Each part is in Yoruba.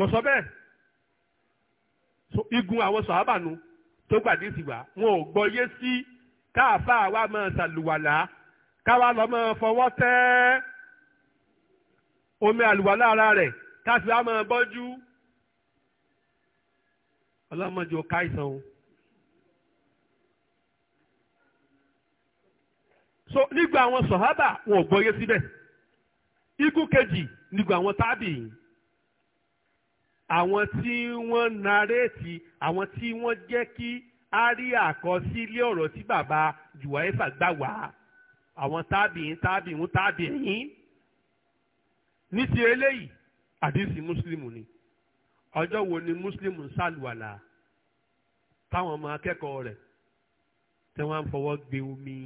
kò sọ bẹ́ẹ̀ igun àwọn sàábàánu tó gbàdé sí wa wọn ò gbọ́ yé sí káàfà wa máa ṣàlùwàlà káwa lọ máa fọwọ́ tẹ́ omi àlùwàlà ara rẹ̀ káfí wa máa bọ́jú ọlọ́mọdé o káìsàn o. so nígbà àwọn sọ̀hábà wọn ò gbọ́ yé síbẹ̀ igun kejì nígbà àwọn tábìyìn àwọn tí wọ́n naréètì àwọn tí wọ́n jẹ́ kí á rí àkọsílẹ̀ ọ̀rọ̀ tí bàbá jùwáífà gbà wá àwọn tábìín tábìín tábìín ní ti eléyìí àdìsí mùsùlùmù ni ọjọ́ wo ni mùsùlùmù ń sàlùwàlà táwọn ọmọ akẹ́kọ̀ọ́ rẹ̀ tí wọ́n á fọwọ́ gbé omi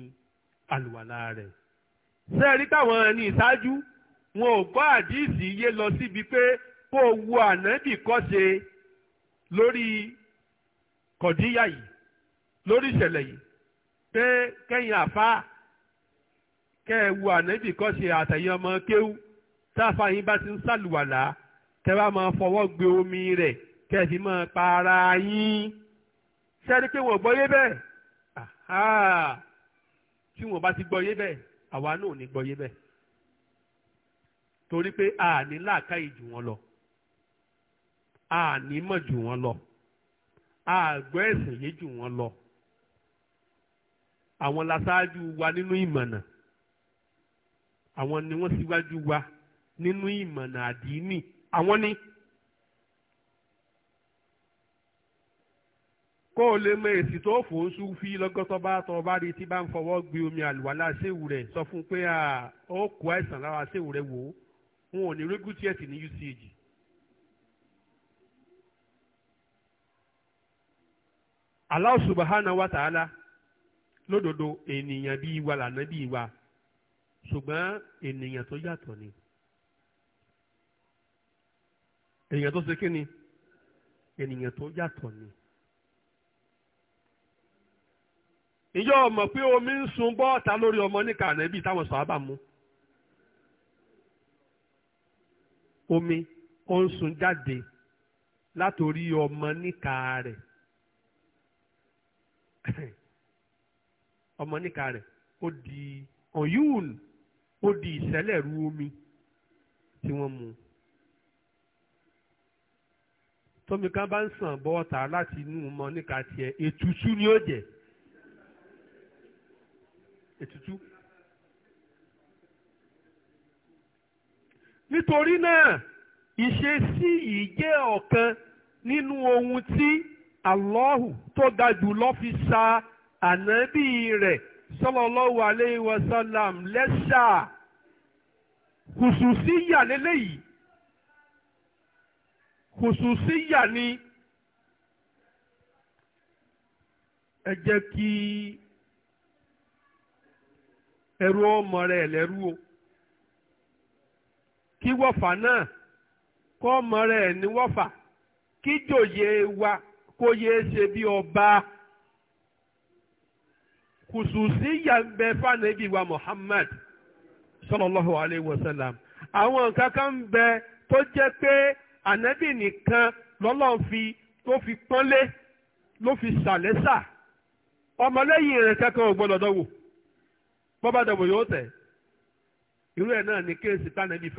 àlùwàlà rẹ̀ sẹ́ẹ̀rí táwọn ẹni ìṣáájú wọn ò gbọ́ àdìsí yé lọ síbi pé kó o wo ànábì kọ́ṣe lórí kọ̀díyà yìí lórí ìṣẹ̀lẹ̀ yìí pé kẹ́yìn àfáà kẹ́ ẹ wo ànábì kọ́ṣe àtẹ̀yìn ọmọ kéwú táfà yín bá ti ń sàlùwàlà kẹ́ bá máa fọwọ́ gbé omi rẹ̀ kẹ́ ẹ fi máa pa ara yín sẹ́ni pé wọ́n gbọ́yé bẹ́ẹ̀ tí wọ́n bá ti gbọ́yé bẹ́ẹ̀ àwa náà ò ní gbọ́yé bẹ́ẹ̀ torí pé a ní làákàyè jù wọ́n lọ àní mọ̀ jù wọ́n lọ àgbọ́ ẹ̀sìn yé jù wọ́n lọ àwọn lasáájú wa nínú ìmọ̀nà àwọn ni wọ́n síwájú wa nínú ìmọ̀nà àdínì àwọn ni. kó o lè mọ èsì tó fòun sùn fi lọ́gọ́tọ́ bá tọ́ bá rí tí bá ń fọwọ́ gbé omi àlùwàlá séwù rẹ̀ sọ fún pé ó kó àìsàn lára séwù rẹ̀ wò ó wọn ò ní rí gútíẹ̀sì ní uch. Allah subhanahu wa ta'ala lódodo ènìyàn bíi wa lànà bíi wa ṣùgbọ́n ènìyàn tó yàtọ̀ ni ènìyàn tó ṣe kí ni ènìyàn tó yàtọ̀ ni. ìjọ ọmọ pé omi ń sun bọ́ọ̀ta lórí ọmọ níka ànábì táwọn sàábà mú omi ó ń sun jáde látòrí ọmọ níka rẹ̀. ọmọ níka rẹ̀ ó di ọ̀yún ó di ìṣẹ́lẹ̀rú omi tí wọ́n mu tómi kan bá ń sàn bọ́ọ̀tà láti inú ọmọ níka tiẹ̀ ètùtù ni ó jẹ́ ètùtù. nítorí náà ìṣesí yìí jẹ́ ọ̀kan nínú ohun tí Allahu tó ga jù lọ fi sa ànábì rẹ̀ sallallahu alayhi wa sallam lẹ́ṣà kùsùsíyà lélẹ́yìí kùsùsíyà ni ẹ jẹ́ kí ẹrú ọmọ rẹ̀ lẹ́rú o kí wọ́fà náà kọ́ ọmọ rẹ̀ ní wọ́fà kí jòyè wa kó yéé ṣe bí ọba. kùsùsíyà ya bẹ fánàbí wa Muhammad sallallahu alayhi wa sallam àwọn nǹkan kan ń tó jẹ́ pé ànábì nìkan fi tó fi ló fi ṣàlẹ́sà ọmọlẹ́yìn rẹ̀ kankan ò gbọ́dọ̀ dánwò bọ́bá yóò tẹ̀ irú ẹ̀ náà ni kéèsì tánàbí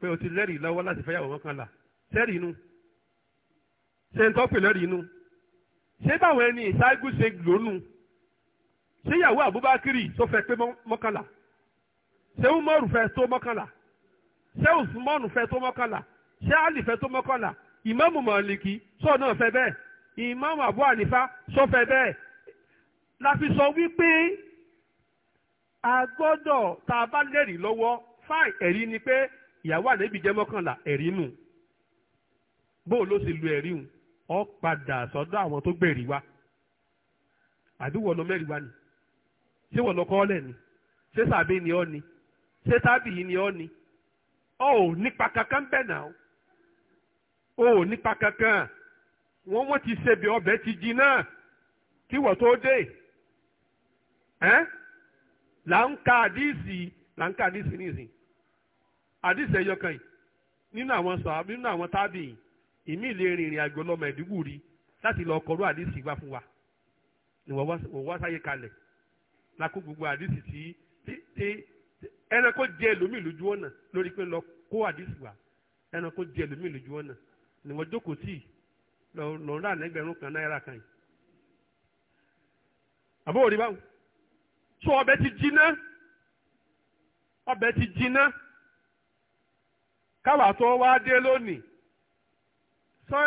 pé o ti lẹ́rìí lọ́wọ́ láti fẹ́yàwó mọ́kànlá sẹ́rìí inú ṣe ń tọ́pẹ̀ lẹ́rìí inú ṣé báwọn ẹni ìṣáájú ṣe lónú ṣé ìyàwó Àbúbákírì tó fẹ́ pé mọ́kànlá ṣé Umaru fẹ́ tó mọ́kànlá ṣé Usmanu fẹ́ tó mọ́kànlá ṣé Ali fẹ́ tó mọ́kànlá ìmáàmù Màlìkì sọ náà fẹ́ bẹ́ẹ̀ ìmáàmù Abu Hanifa sọ fẹ́ bẹ́ẹ̀ la fi sọ wípé a gbọ́dọ̀ tá a bá lẹ́rìí lọ́wọ́ fáì ẹ̀rí ni pé ìyàwó ànábì jẹ́ mọ́kànlá ẹ̀rí nù bóò ló sì lu ẹ̀rí hùn ọ padà sọ́dọ̀ àwọn tó gbẹ̀rí wa àdúgbò lọ mẹ́rin wa ni ṣé wọ́n lọ kọ́ ọ́lẹ̀ ni ṣé sàbí ni ọ́ ni ṣé tábì ni ọ́ ni ọ́ ò nípa kankan bẹ́ẹ̀ náà ó ò nípa kankan wọ́n wọ́n ti ṣebí ọbẹ̀ ti jiná kí wọ́n tó dé ẹ́ là ń ka àdíìsì là ń ka àdíìsì nìyí. àdìsí ẹyọ kan nínú àwọn sọ nínú àwọn tábìlì ìmí lè rìnrìn àjò láti lọ kọrú àdìsí wá fún wa ni wọ́n wá sáyé kalẹ̀ lakó gbogbo àdìsí tí tí ẹranko jẹ ẹlòmíì lójú ọ̀nà lórí pé lọ kó àdìsí wa jẹ lójú ọ̀nà ni jókòó tì lọ lọ rà kan náírà kan yìí. àbúrò rí báwo ọbẹ ti jiná káwa tó wá dé lónìí ṣé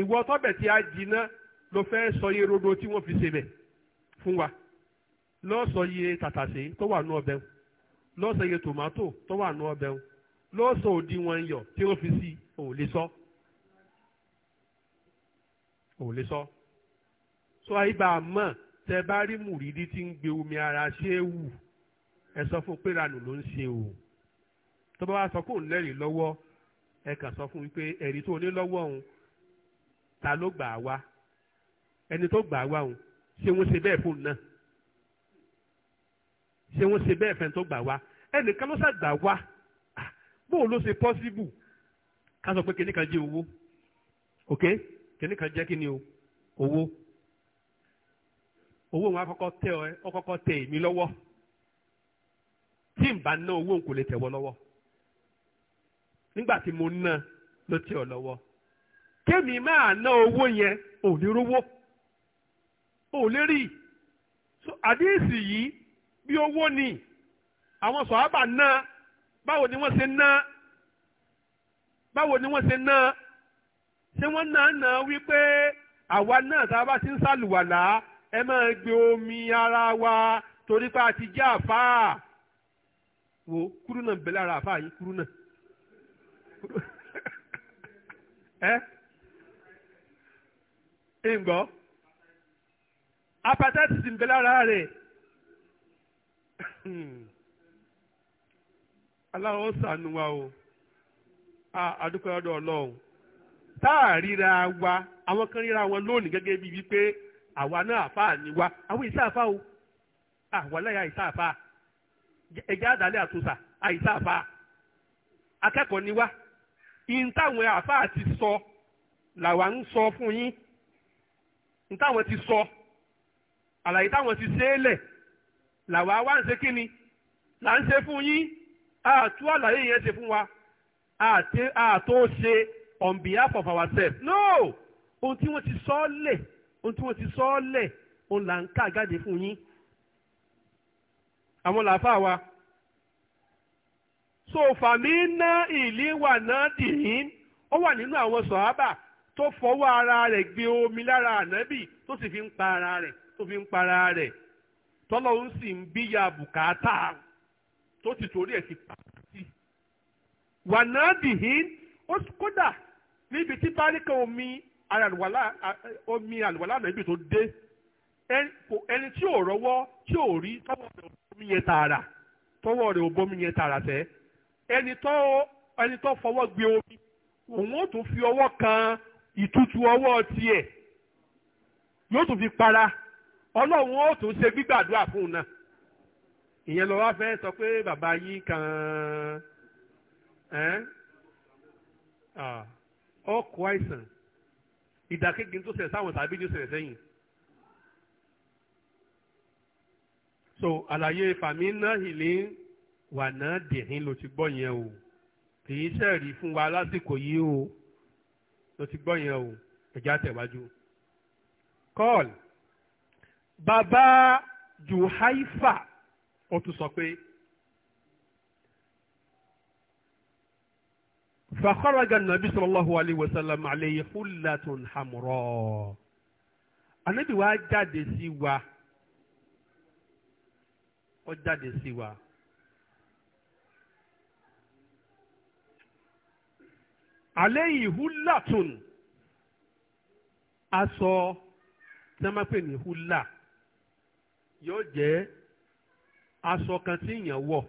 ìwọ tọ́bẹ̀ tí a jiná ló fẹ́ sọ iye rodo tí wọ́n fi ṣe bẹ̀ fún wa lọ́ọ́ sọ iye tàtàṣé tó wà ní ọbẹ̀ lọ́ọ́ sọ iye tòmátò tó wà ní ọbẹ̀ lọ́ọ́ sọ òdiwọ̀n iyọ̀ tí wọ́n fi sí ò lè sọ ò lè sọ sọ ibà mọ̀ tẹ bá rí mùrídìí tí ń gbé omi ara ṣé wù ẹ sọ fún pé ranù ló ń ṣe o tó bá wá sọ pé òun lẹ́rìí lọ́wọ́ ẹ kàn sọ fún mi pé ẹ̀rí tó ní lọ́wọ́ òun ta ló gbà á wá ẹni tó gbà á wá òun ṣé wọ́n ṣe bẹ́ẹ̀ fún un náà ṣé wọ́n ṣe bẹ́ẹ̀ fẹ́ni tó gbà wá ẹnìkan ló ṣàgbà wá ah, bóun ló ṣe pọ́síbù ká sọ pé kìnìkan jẹ́ owó ok kìnìkan jẹ́ kí ni o owó owó wọn akọ́kọ́ tẹ ọ ọkọ́kọ́ tẹ èmi lọ́wọ́ tí n bá ná owó n kò lè tẹ̀wọ́ lọ́wọ́ nígbà tí mo ná ló tẹ ọ lọ́wọ́ kémi máa ná owó yẹn ò ní rówó ò lè rí so àdéhìsì yìí bí owó ni àwọn sọ̀hábà ná báwo ni wọ́n ṣe ná báwo ni wọ́n ṣe ná ṣé wọ́n ná ná wípé àwa náà tá a bá ti ń sàlùwàlà ẹ máa gbé omi ara wa torí pé a ti jẹ́ àfáà wo kúrú náà ń bẹ àfáà yìí kúrú náà. ẹ ǹgbọ́ apatẹ́tì ń bẹ lára rẹ̀ aláwọ̀ sànù wa o àdúpẹ́ ọ̀dọ̀ ọlọ́run táàríra wa àwọn kan ríra wọn lónìí gẹ́gẹ́ bíi wípé àwa náà àfáà ni wa àwọn ìsáàfáà o àwa láyà àìsáàfáà ẹ̀jẹ̀ àdálẹ́ àtúnṣà àìsáàfáà akẹ́kọ̀ọ́ ni wa. ihun táwọn àfáà ti sọ làwa ń sọ fún yín ihun táwọn ti sọ àlàyé táwọn ti ṣe é lẹ̀ làwa wá ń ṣe kí ni là ń ṣe fún yín àtú àlàyé yẹn ṣe fún wa àtó ṣe on behalf of ourselves no ohun tí wọ́n ti sọ ọ́ lẹ̀ ohun tí wọ́n ti sọ ọ́ òun là ń kà jáde fún yín àwọn làáfàá wa. so fàmí ná ìlí wà náà dìhín ó wà nínú àwọn sọ̀hábà tó fọwọ́ ara rẹ̀ gbe omi lára ànábì tó sì fi ń pa ara rẹ̀ tó fi ń pa ara rẹ̀ tọ́lọ́hún sì ń bíyà bùkátà tó ti torí ẹ̀ e ti pàtàkì wà náà dìhín ó kódà níbi tí páríkà omi àlùwàlá omi àlùwàlá ànábì tó dé ẹni tí ò rọwọ́ tí ò rí tọwọ́ rẹ̀ ò bomi yẹn tààrà tọwọ́ rẹ̀ ò bomi yẹn tààrà tẹ. ẹni tó ẹni tó fọwọ́ gbé omi òun ó tún fi ọwọ́ kan ìtutù ọwọ́ tiẹ̀ yóò tún fi para ọlọ́run ó tún ṣe gbígbàdúrà fún un náà ìyẹn lọ wá fẹ́ sọ pé bàbá yín kan ọkọ̀ àìsàn ìdàkejì tó ṣẹlẹ̀ sáwọn tàbí tó ṣẹlẹ̀ sẹ́yìn. so àlàyé fàmí náà hìlín wàná dìhín ló ti gbọ́ yẹn o kì í sẹ́ẹ̀rí fún wa lásìkò yìí o ló ti gbọ́ yẹn o ẹ̀já tẹ̀wájú. kọ́ọ̀l bàbá juhaifa ó tún sọ pé fàkọ́rọ̀gà nàbí sallallahu alayhi wa sallam alayhi hullatun anabi wa jáde sí wa ó jáde sí wa. àléyìn húlàtún aṣọ tí wọ́n máa pè ní húlà yóò jẹ́ aṣọ kan tí èèyàn wọ̀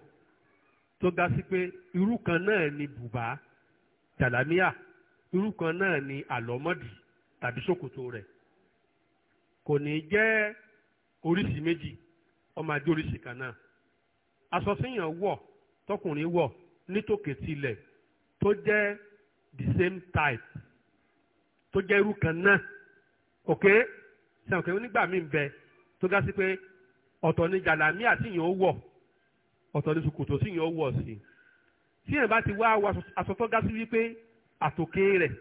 tó ga sí pé irú kan náà ni bùbá jàlámíà irú kan náà ni àlọ́mọ́dì tàbí ṣòkòtò rẹ̀ kò ní jẹ́ oríṣi méjì ó máa jẹ́ oríṣi kan náà aṣọ tí èèyàn wọ̀ tọkùnrin wọ̀ nítòkè tilẹ̀ tó jẹ́ the same type tó jẹ́ irú kan náà ok sẹ́wọ̀n kẹ́wọ́n nígbà míì ń bẹ tó ga sí pé ọ̀tọ̀ ni jàlámí àtìyàn ó wọ̀ ọ̀tọ̀ ni ṣòkòtò síyàn ó wọ̀ sí tí yẹn bá ti wá wọ aṣọ tó ga sí wípé àtòkè rẹ̀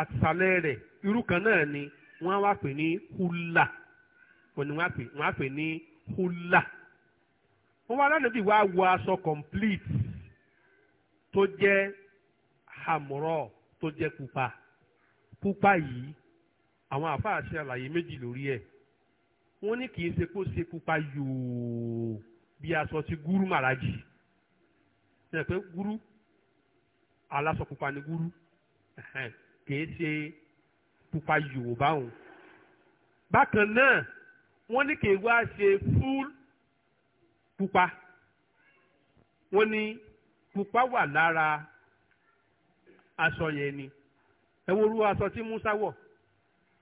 àtìsàlẹ̀ rẹ̀ irú kan náà ni wọ́n wá pè ní húlà wọ́n ni wọ́n á pè ní húlà wọ́n wá lánàbí wá wọ aṣọ complete tó jẹ́ àmúrọ̀ tó jẹ́ pupa pupa yìí àwọn àfáà ṣe àlàyé méjì lórí ẹ̀ wọ́n ní kì í ṣe kó ṣe pupa yòó bí aṣọ ti gúrú màlájì ṣe pé gúrú aláṣọ pupa ni gúrú kì í ṣe pupa yòó báwọn bákan náà wọ́n ní kì í wá ṣe full pupa wọ́n ní pupa wà lára aṣọ yẹn ni ẹ wo orú aṣọ tí Musa wọ̀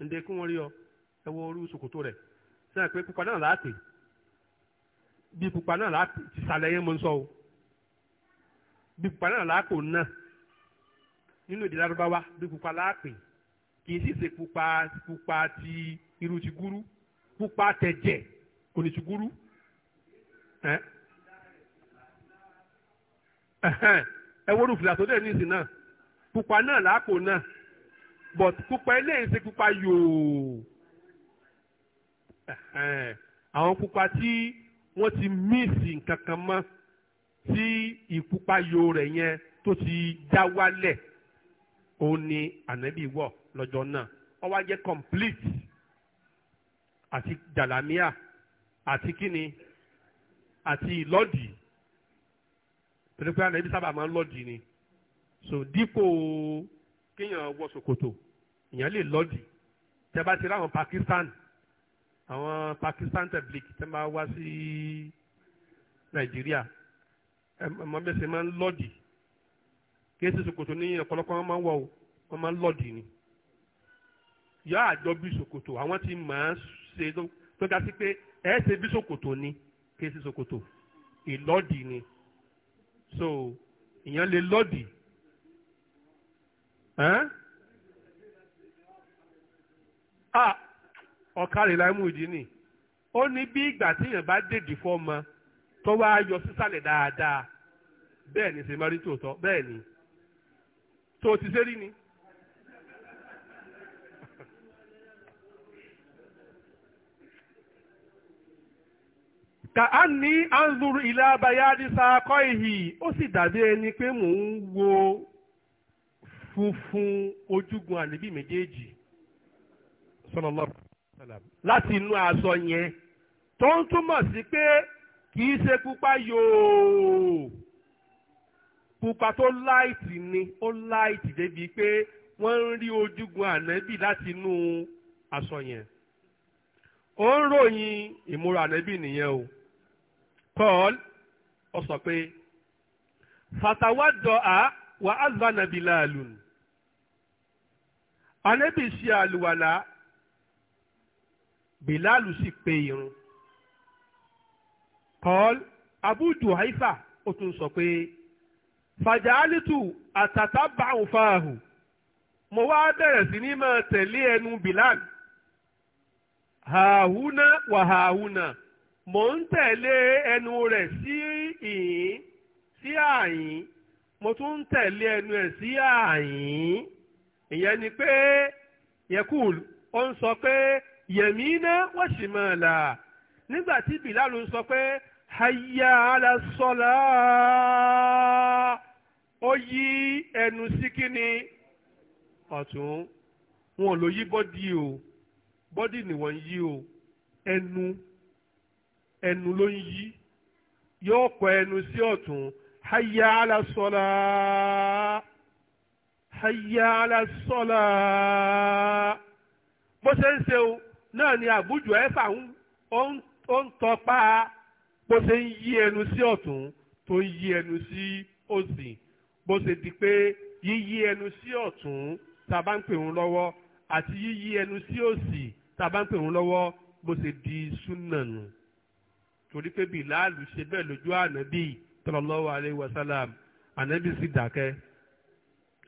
ǹdẹ kí wọ́n rí ọ ẹ wo orú ṣòkòtò rẹ̀ sẹ́yìn pé pupa náà láàpè bí pupa náà láàpè ti sàlẹ̀ yẹn mo ń sọ o bí pupa náà láàpò náà nínú èdè lárúbáwá bí pupa láàpè kì í sì ṣe pupa pupa ti irú ti gúrú pupa tẹ̀jẹ̀ kò ní ti gúrú ẹ wọ́n rúfìlà tó dẹ̀ ní ìsìn náà pupa náà lápò náà but pupa eléyìí ṣe pupa yòó àwọn pupa tí wọ́n ti míìsì nǹkan kan mọ́ tí ìpupa yòó rẹ̀ yẹn tó ti já wálẹ̀ òun ni ànábì wọ̀ lọ́jọ́ náà ó wá jẹ́ complete àti jàlámíà àti kíni àti ìlọ́dì pẹ̀lú pé ànábì sábà máa ń lọ́dì ni so dípò kéèyàn wọ sokoto èèyàn lè lọ́ọ̀dì tẹ́ bá ti ráwọn Pakistan àwọn Pakistan tablik tẹ́ bá wá sí Nàìjíríà ẹ̀mọ́ bẹ́ẹ̀ ṣe máa ń lọ́ọ̀dì kéésì ṣòkòtò ní ọ̀pọ̀lọpọ̀ wọn máa ń wọ̀ o wọ́n máa ń lọ́ọ̀dì ni yọ àjọ bí ṣòkòtò àwọn ti máa ń ṣe tó ga sí pé ẹ̀ ṣe bí ṣòkòtò ni kéésì sokoto, ìlọ́ọ̀dì ni so ìyẹn lè lọ́ọ̀dì ọ̀kàrìlá ìmúdí ni ó ní bí ìgbà tí èèyàn bá dèdì fọ́mọ tó wá yọ sísàlẹ̀ dáadáa bẹ́ẹ̀ ni ṣe máa rí tòótọ́ bẹ́ẹ̀ ni tó ti ṣe rí ni. kàánì anzuru ìlà abayá ní sàkọ́ ìhì ó sì dàbí ẹni pé mò ń wo fún ojúgun ànábì méjèèjì láti inú aṣọ yẹn tó ń túmọ̀ sí pé kì í ṣe pupa yòò pupa tó láìtì ni ó láìtì débi pé wọ́n ń rí ojúgun ànábì láti inú aṣọ yẹn ó ń ròyìn ìmúra ànábì nìyẹn o Paul ọ sọ pé fatawadọ́ a wà á zanà Bilalun. anẹ́bì ṣe àlùwàlá bilalu sì pe irun paul abudu haifa ó tún sọ pé fàjálítù àtàtàbà òfààhù mo wá bẹ̀rẹ̀ sí ní máa tẹ̀lé ẹnu bilal hàhúnà wàhàhúnà mo ń tẹ̀lé ẹnu rẹ̀ sí ìhín sí àyín mo tún ń tẹ̀lé ẹnu ẹ̀ sí àyín ìyẹn ni pé yẹkùl ó ń sọ pé yẹmí iná wọ́n sì máa là nígbà tí Bilalu ń sọ pé hayya ala sọlá ó yí ẹnu sí kíni ọ̀tún wọn ò yí bọ́dì o bọ́dì ni wọ́n ń yí o ẹnu ẹnu ló ń yí yóò kọ ẹnu sí ọ̀tún hayya ala sọlá hayya ala sọ́la bó ṣe ń ṣe o náà ni àbújọ ẹ̀fà ó ń tọpa bó ṣe ń yí ẹnu sí ọ̀tún tó ń yí ẹnu sí òsì bó ṣe di pé yíyí ẹnu sí ọ̀tún tá a bá ń pè wọ́n lọ́wọ́ àti yíyí ẹnu sí òsì tá a bá ń pè wọ́n lọ́wọ́ bó di súnà torí pé Bílálù ṣe bẹ́ẹ̀ lójú ànábì sallallahu alaihi wasallam ànábì sì dákẹ́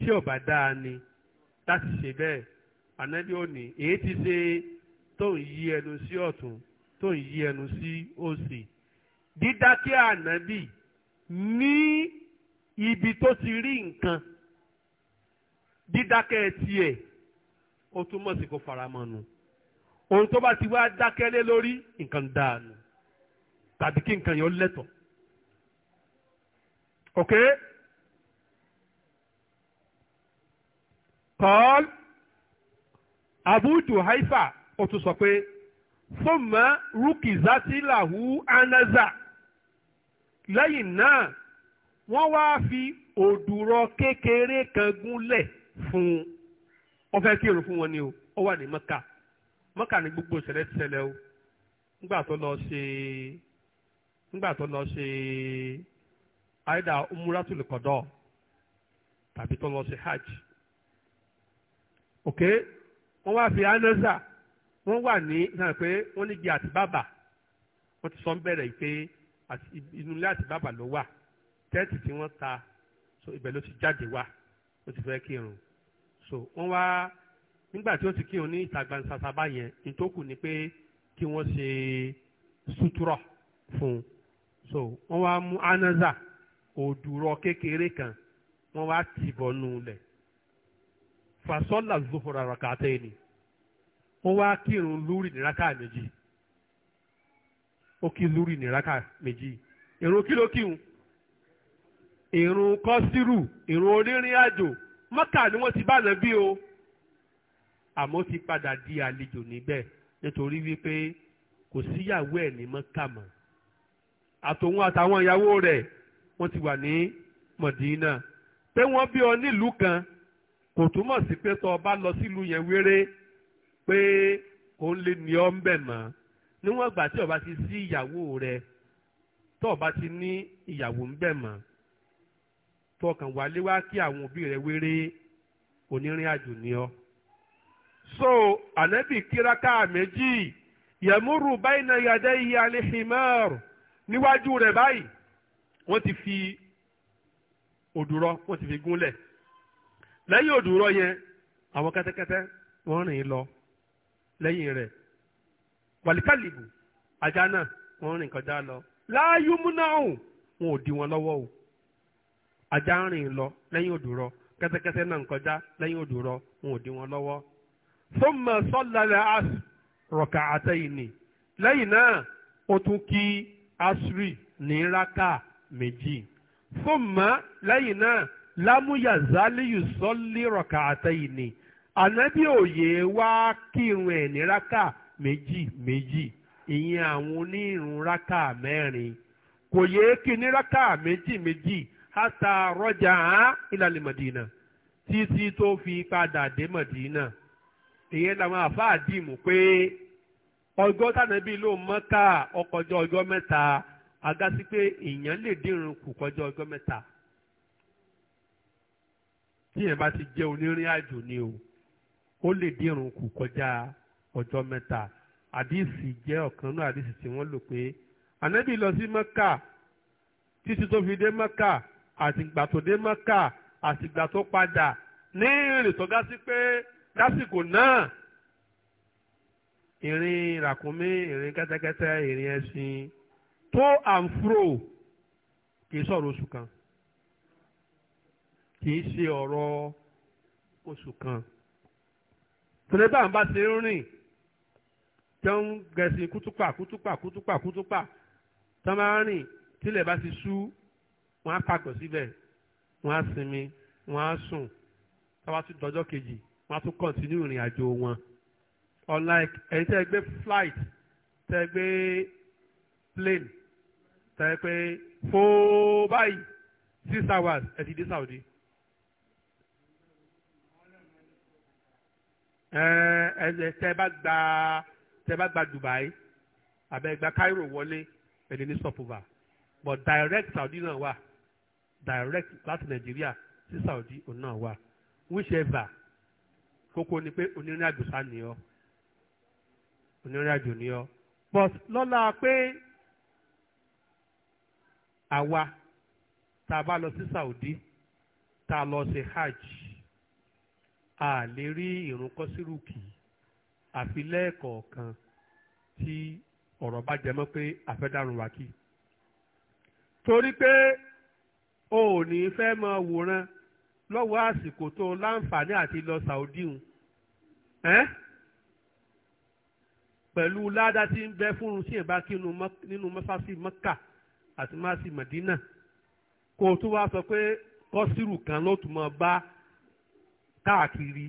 tí ò bá dáa ni láti ṣe bẹ́ẹ̀ ànábì ò ní èyí ti ṣe tó ń yí ẹnu sí ọ̀tún tó ń yí ẹnu sí òsì dídákẹ́ ànábì ní ibi tó ti rí nǹkan dídákẹ́ tiẹ̀ ó túmọ̀ sí kó faramọ́nu ohun tó bá ti wá dákẹ́ lé lórí nǹkan dáa nù tàbí kí nǹkan yẹn ó lẹ́tọ̀ọ́ okay? kọ́ọ́l abudu haifa ó tún sọ pé fọ́ọ̀mù rúkìzátìláhù anaza lẹ́yìn náà wọ́n wá fi òdùrọ̀ kékeré kan gúnlẹ̀ fún un wọ́n fẹ́ kírun fún wọn ni o ó wà ní mọ́kà mọ́kà ní gbogbo ìṣẹ̀lẹ̀ ti ṣẹlẹ̀ o nígbà tó lọ ṣe nígbà tó lọ ṣe àìdá umuratul kọ̀dọ̀ tàbí tó lọ ṣe hajj ok wọ́n wá fi anaza wọ́n wà ní sàn pé wọ́n ní jẹ́ àti bàbà wọ́n ti sọ ń bẹ̀rẹ̀ pé inú ilé àti bàbà ló wà tẹ́ẹ̀tì tí wọ́n ta so ibẹ̀ ló ti jáde wá ó ti fẹ́ kírun so wọ́n wá nígbà tí ó ti kírun ní ìta gbansasa báyẹn nítòkù ni pé kí wọ́n ṣe sutura fún un so wọ́n wá mú anaza òdùrọ̀ kékeré kan wọ́n wá tìbọnú lẹ̀ Fasola zuhura rak'atayn ni eni. wá kírun lúrì ní rákà meji. ó kí lúrì ní rákà méjì ìrun Irun ló irun ìrun ajo. mọ́kà ni wọ́n ti bá nà bí o àmọ́ ti pada di àlejò níbẹ̀ nítorí wípé kò síyàwó ẹ̀ ní maka mọ́ àtòun atawon ìyàwó re won ti wà ní Pe pé bi bí ọ n'ilu kan kò túmọ̀ sí pé tó o bá lọ sílùú yẹn wéré pé òun lè ní ọ́ ń bẹ̀ mọ́ níwọ̀n ìgbà tí o bá ti sí ìyàwó rẹ tó o bá ti ní ìyàwó ń bẹ̀ mọ́ tó o kàn wálé wá kí àwọn òbí rẹ wéré onírìn àjò ní ọ. so ànábì kíráká méjì yẹmúrù bayna yadayhi alihimar níwájú rẹ̀ báyìí wọ́n ti fi òdùrọ̀ wọ́n ti fi gúnlẹ̀ lẹ́yìn òdùrọ yẹn àwọn kẹ́tẹ́kẹ́tẹ́ wọ́n rìn lọ lẹ́yìn rẹ̀ wàlíkàlìbù ajá náà wọ́n rìn kọjá lọ láàyò múnáhùn wọn ò di wọn lọ́wọ́ o ajá ń rìn lọ lẹ́yìn òdùrọ kẹ́tẹ́kẹ́tẹ́ náà ń kọjá lẹ́yìn òdùrọ wọn ò di wọn lọ́wọ́ lẹ́yìn náà ó tún kí asri ní méjì lẹ́yìn náà lámúyà zálíyù sọ́lé rọ̀kà àtẹ̀yìn ni ànábì òye wá kírun ẹ̀ ní rákà méjì méjì ìyẹn àwọn onírun rákà mẹ́rin kò yẹ kí ní rákà méjì méjì hátà rọ́jà án ìlàlẹ̀ mọ̀dínà títí tó fi padà dé mọ̀dínà ìyẹn làwọn àfáà dìmú pé ọgọ́ tànàbí ló mọ́ta ọkọjọ́ ọgọ́ mẹ́ta agásí pé ìyẹn lè dírun kù kọjọ́ ọgọ́ mẹ́ta tí yẹn bá ti jẹ́ onírìn àjò ni o ó lè dírun kù kọjá ọjọ́ mẹ́ta àdìsí jẹ́ ọ̀kan náà àdìsí tí wọ́n lò pé ànábì lọ sí mẹ́kà títí tó fi dé mẹ́kà àtìgbà tó dé mẹ́kà àtìgbà tó padà ní ìrìn tó gá sí pé lásìkò náà ìrìn ràkúnmí ìrìn kẹ́tẹ́kẹ́tẹ́ ìrìn ẹṣin tó and fro kì í sọ̀rọ̀ oṣù kan kì í ṣe ọ̀rọ̀ oṣù kan tẹ̀lébà ń bá ṣe ń rìn tẹ́ ń gẹ̀ẹ́sì kútúpà kútúpà kútúpà kútúpà tẹ́ máa ń rìn tílẹ̀ bá ti ṣú wọ́n á pàgọ́ síbẹ̀ wọ́n á sinmi wọ́n á sùn táwa tún dọjọ́ kejì wọ́n á tún kọ̀ǹtínú ìrìn àjò wọn unlike ẹ̀yin tẹ́ ẹ gbé flight tẹ́ ẹ gbé plane tẹ́ ẹ pé fòó báyìí six hours ẹ ti dé Saudi. tẹ́ bá gba tẹ́ bá gba Dubai àbẹ́ gba Cairo wọlé ẹni ní stopover but direct Saudi náà wà direct láti Nàìjíríà sí Saudi òun náà wà whichever kókó ni pé onírìn àjò sá ni ọ onírìn àjò ni ọ but lọ́la pé àwa tá a bá lọ sí Saudi tá a lọ ṣe hajj a lè rí ìrun kọ́sírùkì àfi lẹ́ẹ̀kọ̀ọ̀kan tí ọ̀rọ̀ bá jẹ mọ́ pé àfẹ́dàrún wa kí. torí pé o ò ní fẹ́ mọ wòran lọ́wọ́ àsìkò tó láǹfààní àti lọ Saudi un ẹ́n pẹ̀lú ládá tí ń bẹ fúnrun tí ìbá kí nínú mọ́sáàsì Mẹ́kà àti mọ́sáàsì Mẹ̀dínà kó o tún wá sọ pé kọ́sírù kan ló tún mọ́ bá káàkiri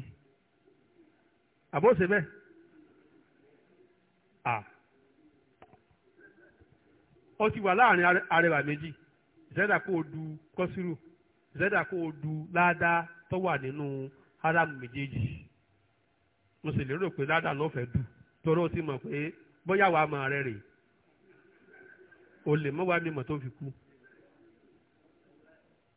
àbóṣe bẹ́ẹ̀ à ó ti wà láàrin arẹwà méjì zẹ́dà kó o du kọ́sírù zẹ́dà kó o du ládàá tó wà nínú haramu méjèèjì mo sì lérò pé ládàá ló fẹ́ dù torí ó ti mọ̀ pé bóyá wàá mọ̀ rẹ̀ rè olè mọ́ wàá mímọ̀ tó fi kú.